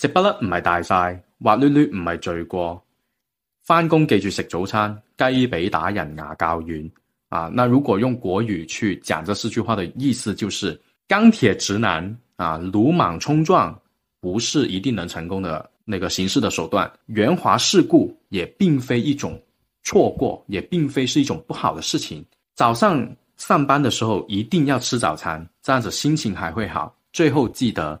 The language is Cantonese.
直不甩唔係大晒，滑捋捋唔係罪過。返工記住食早餐，雞髀打人牙骹軟。啊，那如果用國語去講這四句話的意思，就是鋼鐵直男啊，魯莽衝撞不是一定能成功的那個形式的手段，圓滑世故也並非一種錯過，也並非是一種不好的事情。早上上班的時候一定要吃早餐，這樣子心情還會好。最後記得。